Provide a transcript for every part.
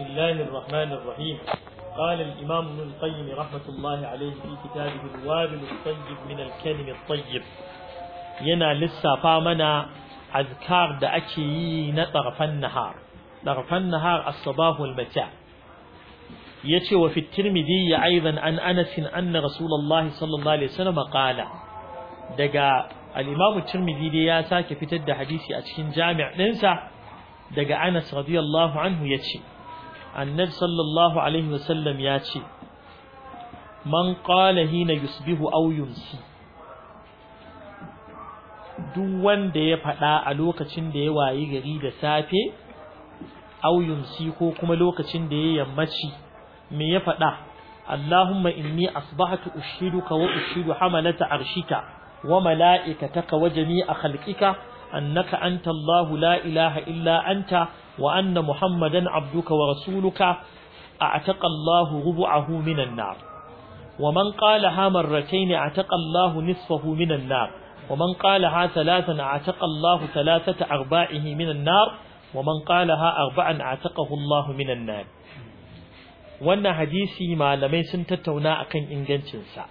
بسم الله الرحمن الرحيم قال الإمام ابن القيم رحمة الله عليه في كتابه الوابل الطيب من الكلم الطيب ينا لسا فامنا أذكار دا أكيين طرف النهار طرف النهار الصباح والمساء يتي وفي الترمذي أيضا عن أنس أن رسول الله صلى الله عليه وسلم قال دقا الإمام الترمذي دي يا ساكي في تد حديثي أتشين جامع ننسى دقا أنس رضي الله عنه يتي annabi sallallahu alaihi wasallam ya ce man qala hina yusbihu aw yumsi duk wanda ya faɗa a lokacin da ya wayi gari da safe aw yumsi ko kuma lokacin da ya yammaci me ya faɗa Allahumma inni asbahtu ushiduka wa ushidu hamalata arshika wa mala'ikataka wa jami'a khalqika annaka anta Allahu la ilaha illa anta وأن محمدا عبدك ورسولك أعتق الله ربعه من النار ومن قالها مرتين أعتق الله نصفه من النار ومن قالها ثلاثا أعتق الله ثلاثة أرباعه من النار ومن قالها أربعا أعتقه الله من النار wannan hadisi malamai sun tattauna akan ingancinsa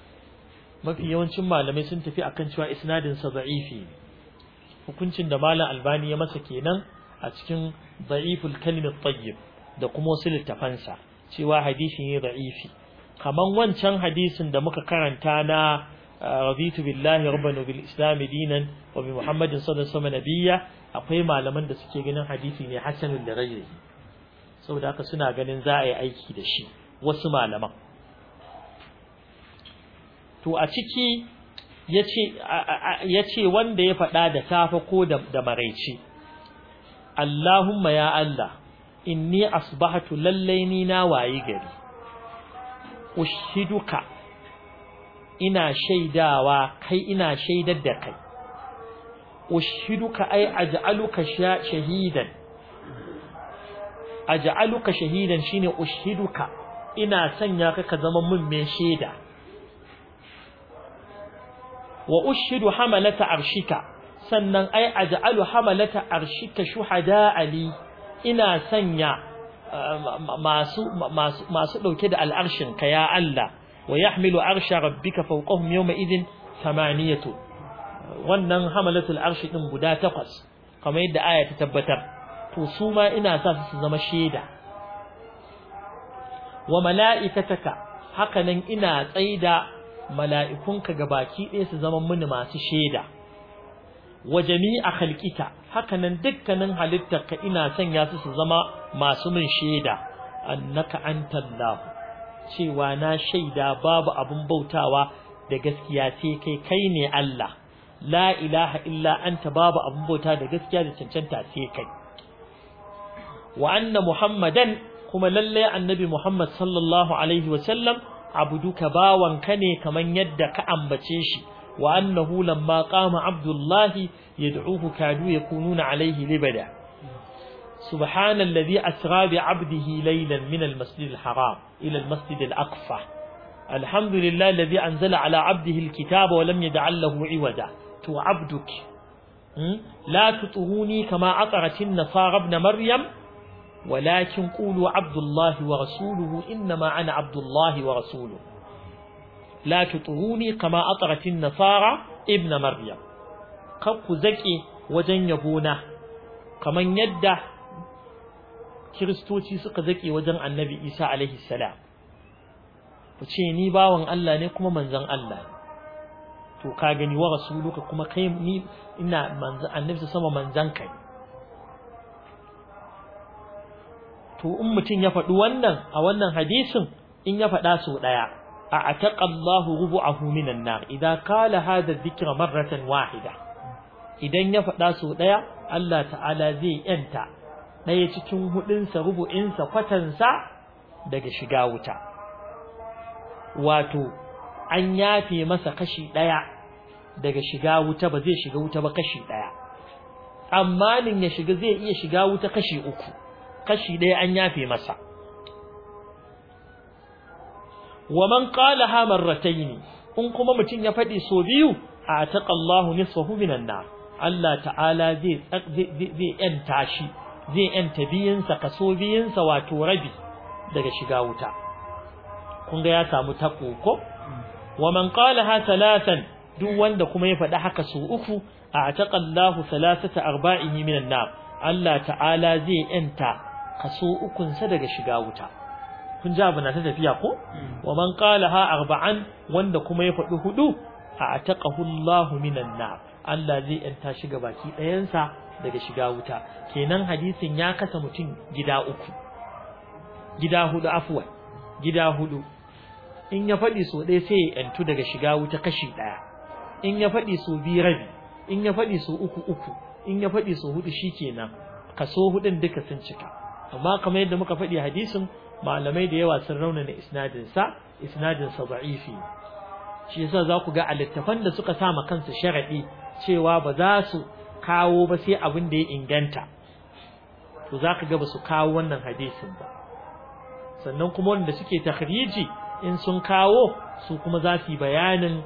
mafi yawancin malamai sun tafi akan cewa isnadinsa da'ifi hukuncin da malam albani ya masa kenan a cikin da'iful kalimat tayyib da kuma wasu littafansa cewa hadisi ne da'ifi kaman wancan hadisin da muka karanta na uh, raditu billahi rabban wa bil islam dinan wa bi muhammadin sallallahu alaihi nabiyya akwai malaman da suke ganin hadisi ne hasanul da ghairi saboda haka suna ganin za a yi aiki da shi wasu malaman to a ciki yace yace wanda ya faɗa da tafa ko da maraice Allahumma ya Allah inni asbahatu lallai ni na wayi gari ushiduka ina shaidawa kai ina shaidar da kai ushiduka ai aj'aluka shahidan aj'aluka shahidan shine ushiduka ina sanya ka ka zama mun mai shaida wa ushidu hamalata arshika sannan ai ja'alu hamalata arshika shuhada ali ina sanya eh, masu ɗauke da al'arshin ka ya Allah wa yahmilu arsha rabbika fawqahum yawma idhin thamaniyatu wannan hamalatul ɗin guda takwas kamar yadda aya ta tabbatar to su ma ina sa su zama shaida wa mala'ikataka hakanan ina tsaida mala'ikunka gabaki ɗaya su zama mini masu shaida wa jami'a khalqika hakanan dukkanin halittarka ina sanya su su zama masu min shaida annaka antallahu cewa na shaida babu abun bautawa da gaskiya sai kai kai ne Allah la ilaha illa anta babu abun bauta da gaskiya da cancanta sai kai wa anna muhammadan kuma lalle annabi muhammad sallallahu alaihi wa sallam abduka bawanka ne kaman yadda ka ambace shi وأنه لما قام عبد الله يدعوه كادوا يكونون عليه لبدا سبحان الذي أسرى بعبده ليلا من المسجد الحرام إلى المسجد الأقصى الحمد لله الذي أنزل على عبده الكتاب ولم يدع له عوجا تو عبدك لا تطهوني كما عطرت النصارى ابن مريم ولكن قولوا عبد الله ورسوله إنما أنا عبد الله ورسوله la tutuhuni kama atratin nasara ibn maryam kar ku zaƙe wajen yabona kaman yadda kiristoci suka zake wajen annabi isa alaihi salam ku ce ni bawan Allah ne kuma manzon Allah to ka gani wa rasuluka kuma kai ni ina manzon annabi sama manzon kai to in mutum ya faɗi wannan a wannan hadisin in ya faɗa sau ɗaya أعتق الله ربعه من النار إذا قال هذا الذكر مرة واحدة إذا يفعل سوداء الله تعالى ذي أنت لا يتكون هدنسى ربعنسى فتنسى daga shiga wuta wato an yafe masa kashi ɗaya daga shiga wuta ba zai shiga wuta ba kashi ɗaya amma nin ya shiga zai iya shiga wuta kashi uku kashi ɗaya an yafe masa wa man qalaha marratayn in kuma mutum ya faɗi so biyu a taqallahu nisfahu minan nar Allah ta'ala zai zai yanta shi zai yanta biyinsa kaso biyinsa wato rabi daga shiga wuta kun ga ya samu tako ko mm. wa man qalaha thalathan duk wanda kuma ya faɗi haka su uku a taqallahu thalathata arba'ihi minan nar Allah ta'ala zai yanta kaso ukunsa daga shiga wuta kun ji abu na ta tafiya ko wa man qalaha arba'an wanda kuma ya faɗi hudu a ataqahu Allahu minan nar Allah zai yanta shiga baki ɗayansa daga shiga wuta kenan hadisin ya kasa mutum gida uku gida hudu afwa gida hudu in ya faɗi so ɗaya sai ya yantu daga shiga wuta kashi ɗaya in ya faɗi so biyu rabi in ya faɗi so uku uku in ya faɗi so hudu shikenan kaso hudun duka sun cika amma kamar yadda muka faɗi hadisin malamai da yawa sun raunana isnadinsa isnadinsa da'ifi shi yasa za ku ga a littafan da suka sama kansu sharaɗi cewa ba za su kawo ba sai abin da ya inganta to za ka ga ba su kawo wannan hadisin ba sannan kuma wanda suke takhriji in sun kawo su kuma za su yi bayanin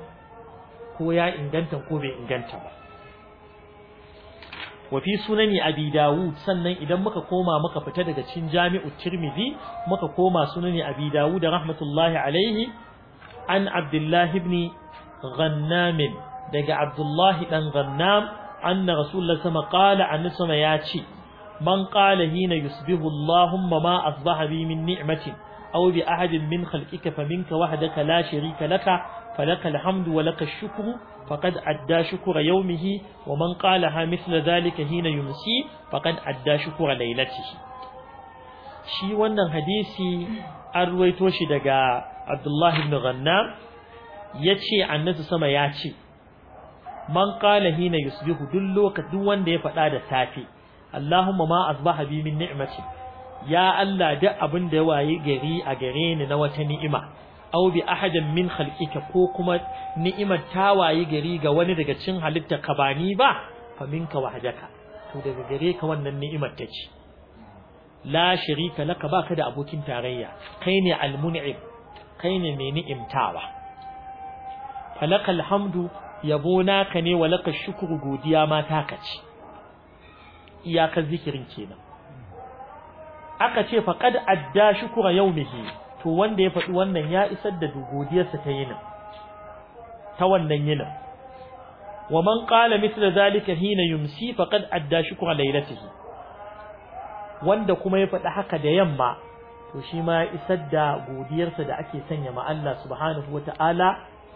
ko ya inganta ko bai inganta ba Wafi fi sunani abi dawud sannan idan muka koma muka fita daga cikin jami'u tirmidhi muka koma sunani abi dawud rahmatullahi alaihi an abdullahi ibn ghannam daga abdullahi dan ghannam anna rasulullah sama qala annabi sama ya ce man qala hina yusbihu allahumma ma asbaha bi min ni'matin أو بأحد من خلقك فمنك وحدك لا شريك لك فلك الحمد ولك الشكر فقد أدى شكر يومه ومن قالها مثل ذلك حين يمسي فقد أدى شكر ليلته shi wannan hadisi an shi daga Abdullah ibn Ghanna yace annabi sama ya ce man qala hina yusbihu duk lokacin duk wanda ya faɗa da safe Allahumma ma asbaha bi min ni'mati ya Allah duk abin da ya waye gari a gare ni na wata ni'ima aw bi ahadin min khalqika ko kuma ni'imar ta waye gari ga wani daga cikin halitta ka ba ni ba fa minka wahdaka to daga gare ka wannan ni'imar ta ci. la sharika laka baka da abokin tarayya kai ne almun'im kai ne mai ni'imtawa falakal alhamdu yabo naka ne walaka shukuru godiya ma ta ka ce iyakar zikirin kenan aka ce faqad adda shukura yawmihi to wanda ya faɗi wannan ya isar da godiyarsa ta yinin ta wannan yinin wa man qala mithla zalika hina yumsi faqad adda shukura laylatihi wanda kuma ya faɗi haka da yamma to shi ma ya isar da godiyarsa da ake sanya ma Allah subhanahu wata'ala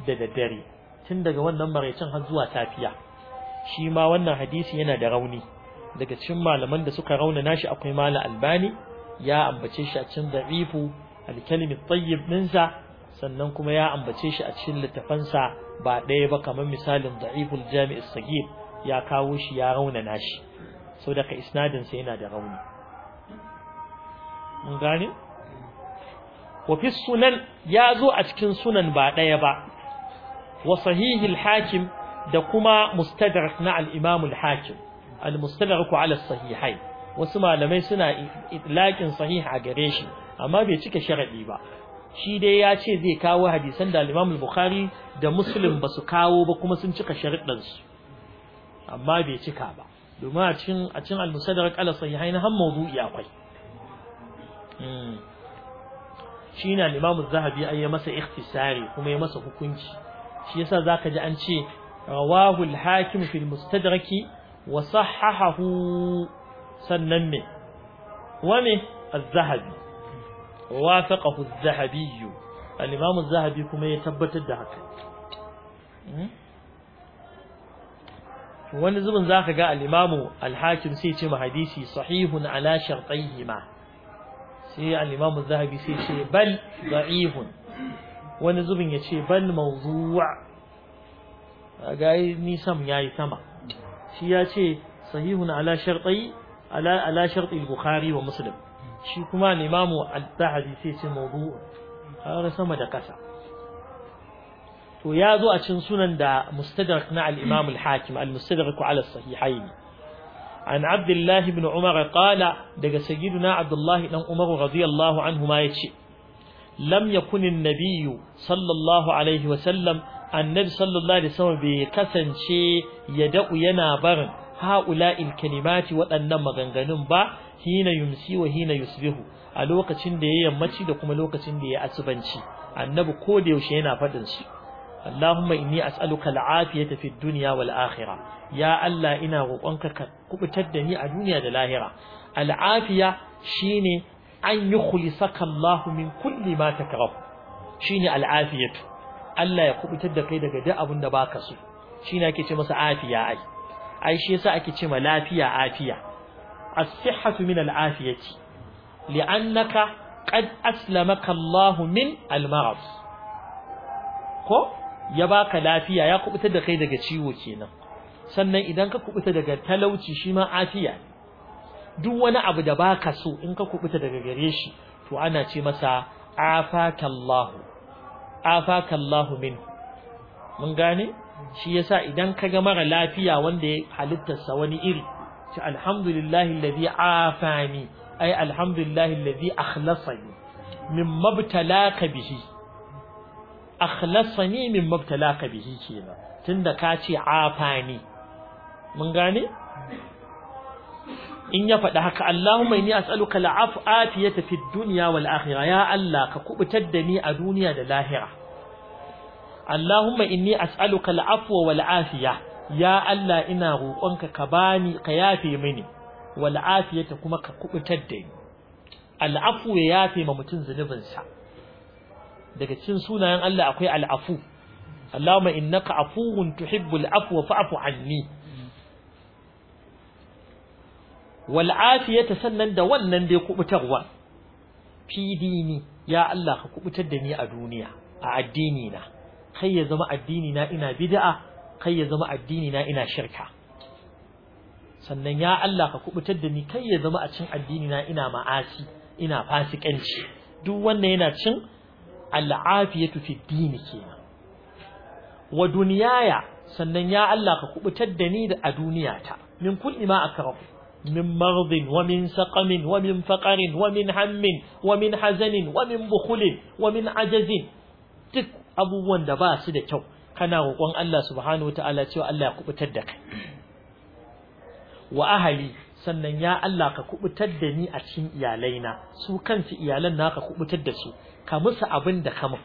da daddare tun daga wannan maraicin har zuwa safiya shi ma wannan hadisi yana da rauni daga cikin malaman da suka raunana shi akwai mala albani ya ambace shi a cikin da'ifu alkalimi tayyib ɗinsa sannan kuma ya ambace shi a cikin littafansa ba ɗaya ba kamar misalin da'iful jami'i sagir ya kawo shi ya raunana shi sau daga isnadin sa yana da rauni mun gane wa fi sunan ya zo a cikin sunan ba ɗaya ba wa sahihil hakim da kuma mustadrak na al-imam al-hakim al-mustadrak ala sahihain wasu malamai suna itlaƙin sahiha a gare shi amma bai cika sharaɗi ba shi dai ya ce zai kawo hadisan da Imam Bukhari da Muslim ba su kawo ba kuma sun cika sharuɗan su amma bai cika ba domin a cikin a cikin al-musaddarak ala sahihain har mawdu'i akwai hmm. shi na Imam Zahabi ai ya masa ikhtisari kuma ya masa hukunci shi yasa zaka ji an ce rawahu al-hakim fil mustadraki wa sahahahu sannan me wa me az-zahabi wafaqahu az-zahabi al-imam az-zahabi kuma ya tabbatar da haka hmm? wani zubin zaka ga al-imam al-hakim sai ce ma hadisi sahihun ala shartayhi ma sai al-imam az-zahabi sai ce bal da'ihun wani zubin ya ce bal mawdu'a ga ni sam yayi sama shi ya ce sahihun ala shartayhi ala ala sharti bukhari wa muslim shi kuma limamu al-zahabi sai ce mawdu har sama da kasa to ya zo a cin sunan da mustadrak na al-imam al-hakim al-mustadrak ala sahihayn an abdullah ibn umar qala daga sayyiduna abdullah dan umar radiyallahu anhu ma yace lam yakun an-nabiy sallallahu alaihi wa sallam annabi sallallahu alaihi wasallam bai kasance ya da'u yana barin ha'ula'il kalimati waɗannan maganganun ba hina yumsi wa hina yusbihu a lokacin da ya yammaci da kuma lokacin da ya yi asubanci annabi ko da yaushe yana faɗin shi Allahumma inni as'aluka al'afiyata fid dunya wal akhirah ya Allah ina roƙonka ka kubutar da ni a duniya da lahira al'afiya shine an yukhlisaka Allah min kulli ma takrah shine al'afiyatu Allah ya kubutar da kai daga duk abin da baka so Shi na ake ce masa afiya ai ai shi yasa ake ce ma lafiya afiya as-sihhatu min al-afiyati li'annaka qad aslamaka Allahu min al-marad ko ya baka lafiya ya kubuta da kai daga ciwo kenan sannan idan ka kubuta daga talauci shi ma afiya duk wani abu da baka so in ka kubuta daga gare shi to ana ce masa afaka afakallahu min mun gane shi yasa idan ka ga mara lafiya wanda ya halittarsa wani iri ce alhamdulillahi alladhi afani ai alhamdulillahi alladhi akhlasani min mabtalaka bihi akhlasani min mabtalaka bihi kenan tunda ka ce afani mun gane in ya faɗi haka Allahumma inni as'aluka al'afiyata fid dunya wal akhirah ya Allah ka kubutar da ni a duniya da lahira Allahumma inni as'aluka al'afwa wal afiya ya Allah ina roƙonka ka bani ka yafe mini wal afiyata kuma ka kubutar da ni al'afu ya yafe ma mutum zunubin sa daga cikin sunayen Allah akwai al'afu Allahumma innaka afuwun tuhibbul afwa fa'fu anni wal afiyata sannan da wannan dai kubutarwa fi dini ya Allah ka kubutar da ni a duniya a addini na kai ya zama addini na ina bid'a kai ya zama addini na ina shirka sannan ya Allah ka kubutar da ni kai ya zama a cin addini na ina ma'asi ina fasikanci duk wannan yana cin al'afiyatu fi dini kenan wa duniyaya sannan ya Allah ka kubutar da ni da a duniyata min kulli ma akrahu min maradin wa min saqamin wa min faqarin wa min hammin wa min hazanin wa min bukhulin wa min ajazin duk abubuwan da ba su da kyau kana roƙon Allah subhanahu wataala cewa Allah ya kubutar da kai wa ahali sannan ya Allah ka kubutar da ni a cikin iyalaina su kansu iyalan naka kubutar da su ka musu abin da kama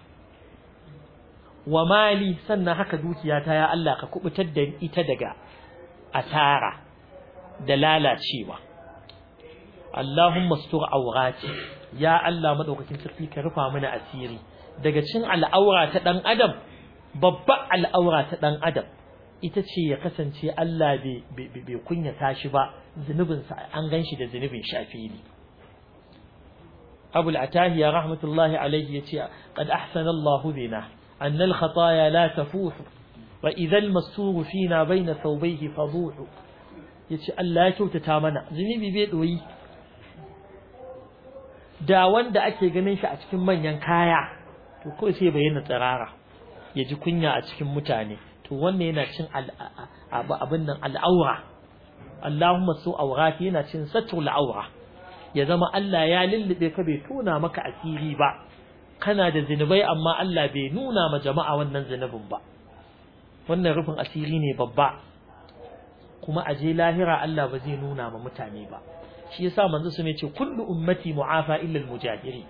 wa mali sannan haka dukiyata ya Allah ka kubutar da ita daga asara da lalacewa Allahumma stur awrati ya Allah madaukakin sarki ka rufa mana asiri daga cin al'aura ta ɗan adam babba al'aura ta ɗan adam ita ce ya kasance Allah bai kunyata shi ba zunubinsa an gan shi da zunubin shafi ne abu al'atahi ya rahmatullahi alaihi ya ce qad ahsana Allahu bina annal khataya la tafuhu wa idhal masuru fina baina thawbayhi fadhuhu yace Allah ya kyautata mana zunubi bai doyi da wanda ake ganin shi a cikin manyan kaya to kai sai bayyana tsirara ya ji kunya a cikin mutane to wannan yana cin abin nan al'aura Allahumma su aurati yana cin satul aura ya zama Allah ya lullube ka bai tona maka asiri ba kana da zinubai amma Allah bai nuna ma jama'a wannan zinubin ba wannan rufin asiri ne babba kuma a je lahira Allah ba zai nuna ma mutane ba shi yasa manzo su ne ce kullu ummati mu'afa illa al-mujahiri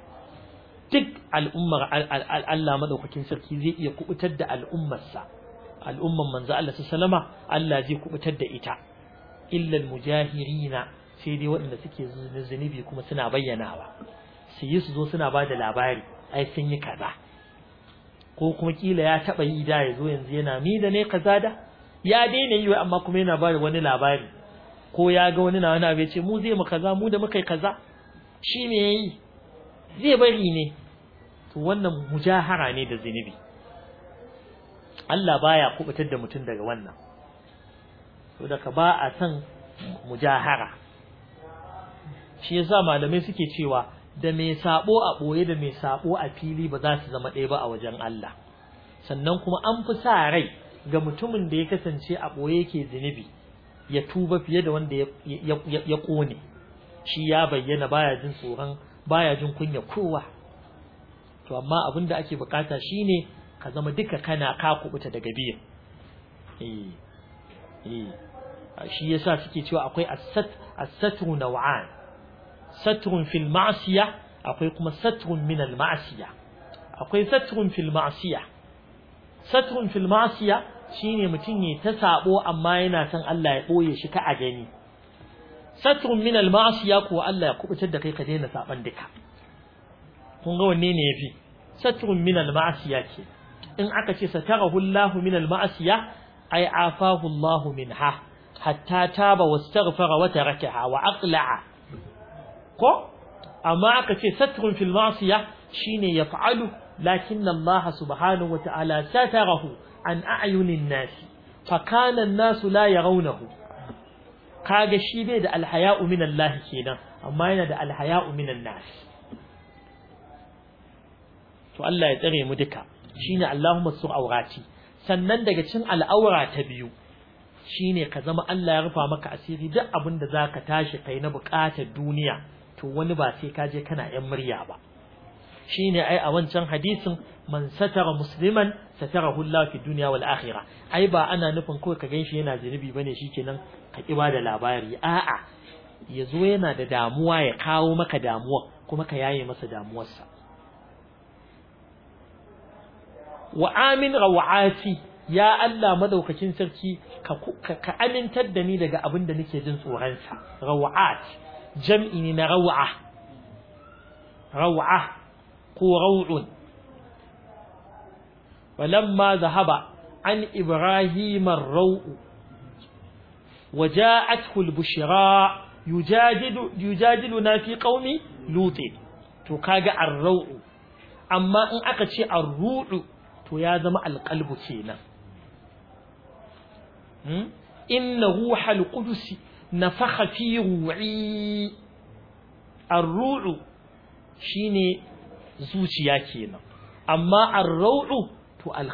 duk al'ummar Allah madaukakin sarki zai iya kubutar da al'ummarsa al'umman manzo Allah sallama Allah zai kubutar da ita illa al na, sai dai waɗanda suke zunubi kuma suna bayyanawa su yi su zo suna ba da labari ai sun yi kaza ko kuma kila ya taba yi da yazo yanzu yana mi da ne kaza da ya daina yi amma kuma yana bada da wani labari ko ya ga wani na wani abu ce mu zai mu kaza mu da muka yi kaza shi me yayi zai bari ne to wannan mujahara ne da zinubi Allah baya kubutar da mutum daga wannan to daga ba a san mujahara shi yasa malamai suke cewa da mai sabo a boye da mai sabo a fili ba za su zama ɗaya ba a wajen Allah sannan kuma an fi sa rai ga mutumin da ya kasance a boye yake zinubi ya tuba fiye da wanda ya kone shi ya bayyana baya jin tsoron baya jin kunya kowa to amma abin da ake bukata shine ka zama duka kana ka kubuta daga biyan eh eh shi yasa suke cewa akwai as satru naw'an satrun fil ma'siyah akwai kuma satrun min al-ma'siyah akwai satrun fil ma'siyah satrun fil ma'siyah shine mutum ne ta sabo amma yana san Allah ya boye shi ka a gani satrun min al-ma'siyah ko Allah ya kubutar da kai ka daina saban duka kun ga wanne ne yafi satrun min maasiya ce in aka ce satarahu Allahu min maasiya ai afahu Allahu minha hatta taba wastaghfara wa tarakaha wa aqla'a ko amma aka ce satrun fil ma'asiya shine yaf'alu lakinna Allah subhanahu wa ta'ala satarahu an a'yunin nasi fa kana an-nasu la yarawnahu kaga shi bai da alhaya'u minallahi kenan amma yana da alhaya'u min nas to Allah ya tsare mu duka shine Allahumma sur aurati sannan daga cin al'aura ta biyu shine ka zama Allah ya rufa maka asiri duk abin da zaka tashi kai na bukatar duniya to wani ba sai ka je kana yan murya ba shine ai a wancan hadisin man satara musliman satara Allah fi dunya wal akhirah ai ba ana nufin kawai ka ganshi yana zunubi bane shikenan ka kiba da labari a'a yazo yana da damuwa ya kawo maka damuwa kuma ka yaye masa damuwarsa wa amin rawati ya Allah madaukakin sarki ka amintar da ni daga abin da nake jin tsoron sa rawat jam'i ne na rawa rawa ko raw'un walamma zahaba an ibrahim rawu وجاءته البشرى يجادل يجادلنا في قوم لوط to kaga ar-ra'u amma in aka ce ar to ya zama alqalbu kenan hmm inna ruhal na nafakha fi ru'i ar shine zuciya kenan amma ar to al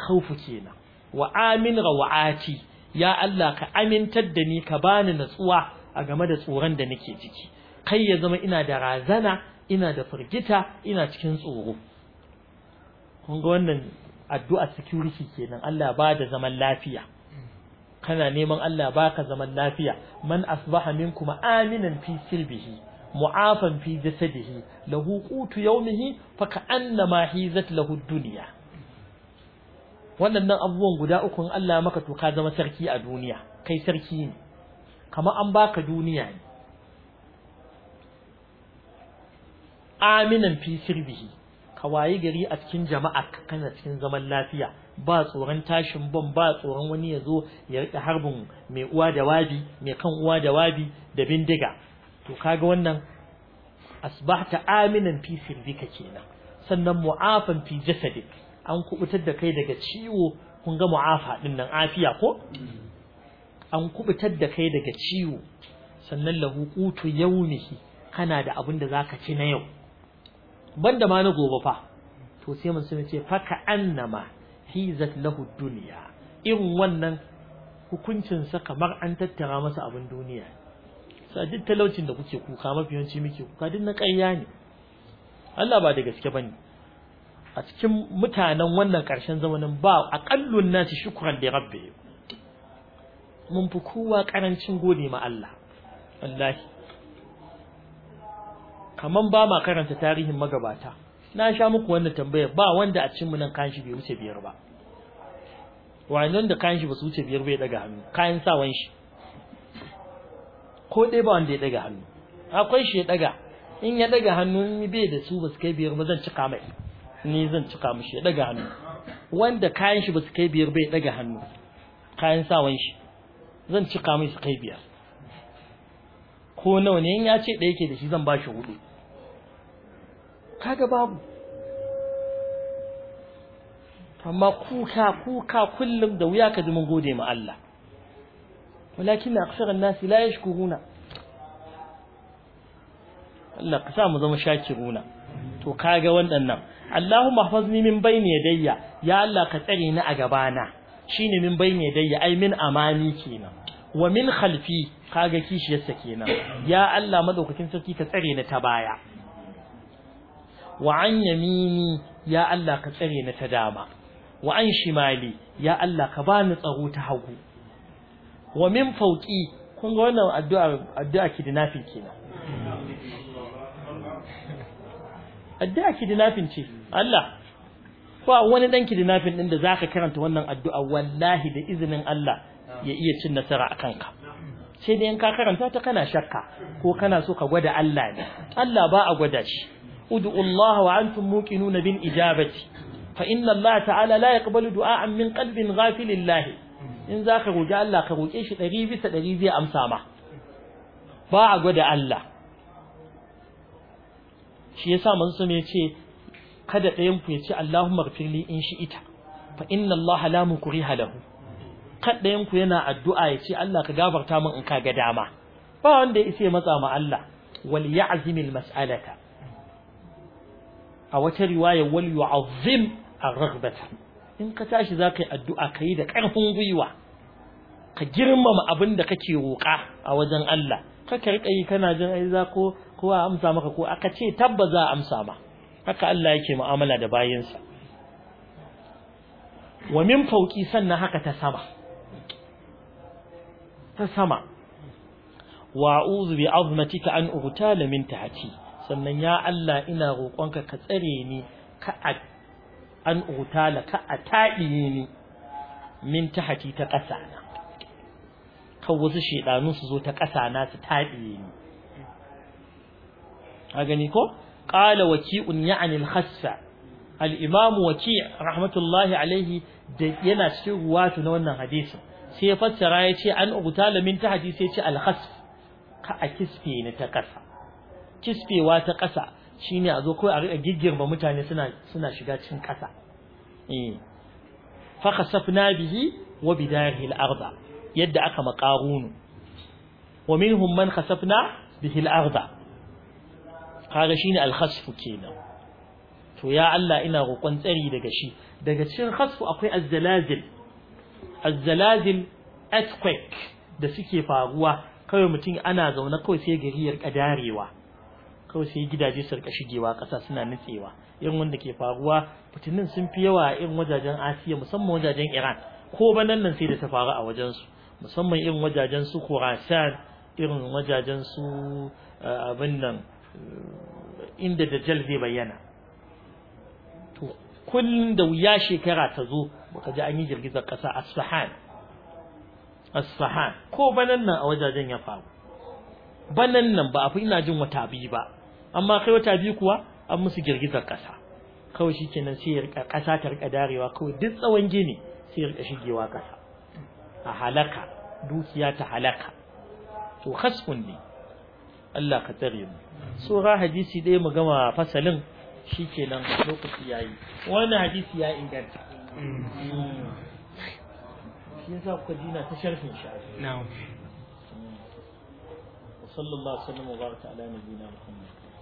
kenan wa amin rawati ya Allah ka amintar da ni ka bani natsuwa a game da tsoron da nake ciki kai ya zama ina da razana ina da firgita ina cikin tsoro kun ga wannan addu'a security kenan Allah ba da zaman lafiya kana neman Allah baka zaman lafiya man asbaha minkum aminan fi silbihi mu'afan fi jasadihi lahu qutu yawmihi fa ka'annama hizat lahu dunya waɗannan abubuwan guda uku Allah maka to ka zama sarki a duniya kai sarki ne kama an baka duniya ne aminan fi sirbihi ka wayi gari a cikin jama'a kana cikin zaman lafiya ba tsoron tashin bom ba tsoron wani ya zo ya rika harbin mai uwa da wabi mai kan uwa da wabi da bindiga to kaga wannan asbahta aminan fi sirrika kenan sannan mu'afan fi jasadik an kubutar da kai daga ciwo kun ga mu'afa din nan afiya ko an kubutar da kai daga ciwo sannan lahu qutu yawmihi kana da abin da zaka ci na yau banda ma na gobe fa to sai mun sun ce ka annama hizat lahu dunya in wannan hukuncin sa kamar an tattara masa abin duniya sa duk talaucin da kuke kuka mafi yanci muke kuka duk na ƙarya ne Allah ba da gaske bane a cikin mutanen wannan ƙarshen zamanin ba a aqallun nasi shukran da rabbihim mun fi kowa karancin gode ma Allah wallahi kaman ba ma karanta tarihin magabata na sha muku wannan tambayar ba wanda a cikin mu nan kayan shi bai wuce biyar ba wannan da kayan shi ba su wuce biyar bai daga hannu kayan sawan shi ko dai ba wanda ya daga hannu akwai shi ya daga in ya daga hannu ni bai da su ba su kai biyar ba zan cika mai ni zan cika mu shi ya daga hannu wanda kayan shi ba su kai biyar bai daga hannu kayan sawan shi zan cika mai su kai biyar ko nawa ne in ya ce ɗaya ke da shi zan ba shi hudu kaga babu amma kuka kuka kullum da wuya ka ji mun gode ma Allah walakin aksarun nasi la yashkuruna Allah ka sa mu zama shakiruna to kaga wannan Allahumma hafizni min bayni yadayya ya Allah ka tsare ni a gabana shine min bayni yadayya ai min amani kenan wa min khalfi kaga kishiyarsa kenan ya Allah madaukakin sarki ka tsare ni ta baya wa an yamini ya Allah ka tsare ni ta dama wa an shimali ya Allah ka bani tsaro ta hagu wa min fauki kun ga wannan addu'a addu'a kenan addu'a kidnapping ce Allah ba wani dan kidnapping din da zaka karanta wannan addu'a wallahi da izinin Allah ya iya cin nasara a kanka sai da in ka karanta ta kana shakka ko kana so ka gwada Allah ne Allah ba a gwada shi ادعوا الله وأنتم موقنون بالإجابة فإن الله تعالى لا يقبل دعاء من قلب غافل لله in za ka roƙi Allah ka roƙe shi ɗari bisa ɗari zai amsa ma ba a gwada Allah shi yasa manzo ya ce kada ɗayan ku ya ce Allahumma ghfirli in shi ita fa inna Allah la mukriha lahu kad ɗayan ku yana addu'a ya ce Allah ka gafarta min in ka ga dama ba wanda ya isa ya matsa ma Allah wal ya'zimil mas'alata a wata riwaya wal yu'azzim ar-raghbata in ka tashi zaka yi addu'a kai da karfin gwiwa ka girmama abin da kake roƙa a wajen Allah kaka rika yi kana jin ai za ko ko a amsa maka ko aka ce tabba za a amsa ma haka Allah yake mu'amala da bayinsa wa min fauki sannan haka ta sama ta sama wa a'udhu bi azmatika an uhtala min tahti sannan ya Allah ina roƙonka ka tsare ni ka an utala ka a taɗiye ni min tahati ta ƙasa na kan wasu shaidanu su zo ta ƙasa na su taɗiye ni a gani ko qala waki'un ya'ni al-khassa al-imam waki rahmatullahi alaihi da yana cikin ruwatu na wannan hadisin sai ya fassara ya ce an ugutala min tahati sai ce al-khasf ka a kiske ni ta ƙasa kispewa ta ƙasa ne a zo kawai a riƙa giggirma mutane suna shiga cikin ƙasa eh fa bihi wa bidarihi al yadda aka maqarunu wa minhum man khasafna bihi al kaga shine al-khasf kenan to ya Allah ina roƙon tsari daga shi daga cikin khasfu akwai az-zalazil az-zalazil earthquake da suke faruwa kawai mutum ana zaune kawai sai ya kadarewa kawai sai gidaje su rika shigewa ƙasa suna nutsewa irin wanda ke faruwa fitinin sun fi yawa a irin wajajen asiya musamman wajajen iran ko banan nan sai da ta faru a wajen su musamman irin wajajen su khurasan irin wajajen su eh, abin nan eh, inda dajjal zai bayyana to kullun da wuya shekara ta zo baka ji an yi girgizar ƙasa asfahan asfahan ko banan nan a wajajen ya faru banan nan ba a fi ina jin wata biyu ba amma kai wata biyu kuwa an musu girgizar ƙasa kawai shikenan sai ya rika ƙasa ta rika darewa kawai duk tsawon gini sai ya rika shigewa ƙasa a halaka dukiya ta halaka to khasfun ne Allah ka tsare mu sura hadisi dai mu gama fasalin shikenan lokaci yayi wannan hadisi ya inganta shi yasa ku dina ta sharhin shi na'am sallallahu alaihi wa sallam wa baraka ala nabiyina muhammad